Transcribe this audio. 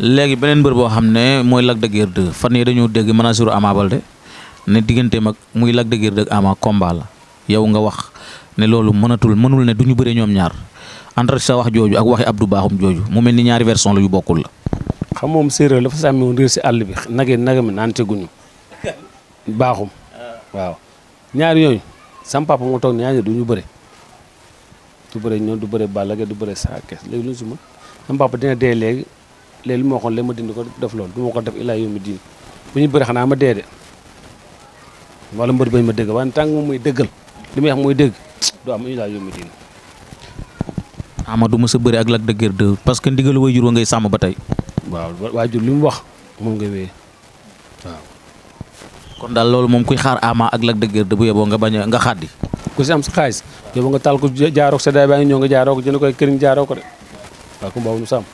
léegi beneen mbër boo xam ne mooy Lac de Guiers 2 fan yii dañoo dégg manageru Ama Baldé ne digganteem ak muy Lac de Guiers 2 Ama combat la yow nga wax ne loolu mënatul mënul ne du ñu bëree ñoom ñaar entre sa wax jooju ak waxi Abdou Bakhoum jooju mu mel ni ñaari version la yu bokkul la. xam moom séeréer dafa sàmmi woon réer si àll bi nage nage mi naan teguñu baaxum waaw ñaar yooyu sam papa moo toog ne ñaar du ñu bëre du bëre ñoom du bëre Balla Gaye du bëre Sa Thiès léegi lu ñu si mën sam dina dee léegi. léegi li ma waxoon léegi ma dindi ko def loolu du ma ko def ilaa ñu bëri xanaa ma dee de wala mbër bañ ma dëgg waaye tànk moom muy li muy wax muy dëgg du am ilaa yawmi diin. Amadou mos ak Lac de Guiers parce que ndigalu waajur wa ngay sàmm ba tey. waaw waajur li mu wax moom nga wéy waaw. kon daal loolu moom kuy xaar Ama ak Lac de Guiers 2 bu yeboo nga bañ nga xaddi. ku si am sa xaalis yóbbu nga taal ko jaaroog sa daay baa ngi ñëw nga jaaroo ko jënd koy këriñ jaaroo ko de waaw ku mbaaw